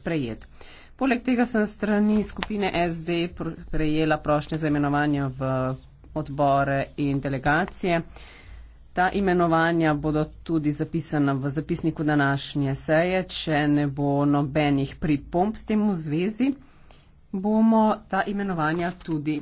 sprejet. Poleg tega sem strani skupine SD prejela prošnje za imenovanje v odbore in delegacije. Ta imenovanja bodo tudi zapisana v zapisniku današnje seje, če ne bo nobenih pripomp s tem v zvezi, bomo ta imenovanja tudi.